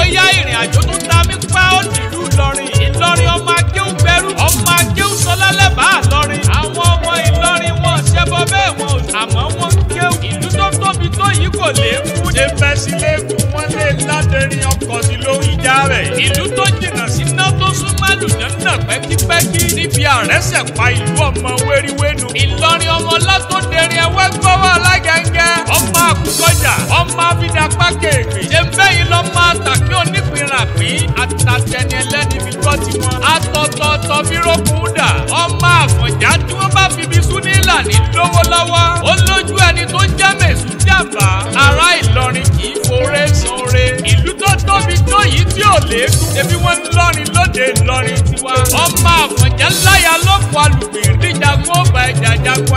ó yá ìrìn àjò tó ta mí pa ó nílùú Ìlọrin Ìlọrin ọmọ akéwù gbẹrú ọmọ akéwù sọlá lẹ́bàá Ìlọrin àwọn ọmọ Ìlọrin wọn ṣẹbọ bẹ́ẹ̀ wọn ò àmọ́ wọn ń kéwù ìlú tó tóbi tó yìí kò lè fún ṣe fẹ́ sí lẹ́kùn wọn lè ládẹ́rìn ọkọ̀ sí lórí ìjà rẹ̀ ìlú tó jìnnà sí náà tó súnmọ́ àlùjọ náà pẹ́kípẹ́kí níbi àrẹ́sẹ̀ pa ìlú ọmọ wéríwénu Ìlọrin ọmọ látó dẹrin ẹwẹ́ gbọ́wọ́ kéèké. ṣebẹ́ yìí lọ máa tàbí onípìnrà pín àtàtẹni ẹlẹ́ni fi gbọ́ ti wọn. atọ̀tọ̀tọ̀ bí rókun dà ọmọ àfọ̀njá tí wọ́n bá fi bí sún nílà ní lówó lọ́wọ́. ó ẹni tó jẹ́ mẹ̀sù jàmbá. ará Ìlọrin kì í foré sanre. ìlú tó tóbi tó yìí tí ò léegun. ṣebí wọ́n lọrin lóde Ìlọrin tiwa. ọmọ àfọ̀njá láyà ló kọ alùpùpù ìdíjagun ó bá ẹ̀jà jagun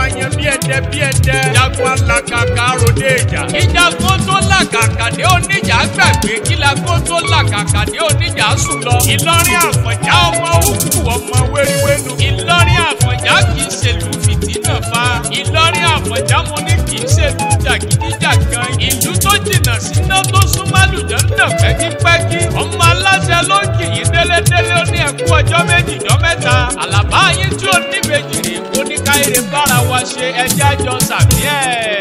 làkàkàdé oníjà gbàgbé kí la kó tó làkàkàdé oníjà sùn lọ. ìlọrin àfọ̀njá ọmọ òkú ọmọ wéríwéru. ìlọrin àfọ̀njá kì í ṣèlú fìtínà fa. ìlọrin àfọ̀njá mo ní kì í ṣèlú jàgídíjàgan. ìlú tó jìnnà síná tó súnmọ́ àlùjọ ń dàn pẹ́kípẹ́kí. ọmọ aláṣẹ ló kì í délédélé ó ní ẹ̀kú ọjọ́ méjìjọ́ mẹ́ta. àlàbá yín tí ò níbejì rè é kó bára wa ṣe ẹjẹ́ àjọ sàmí ẹ̀.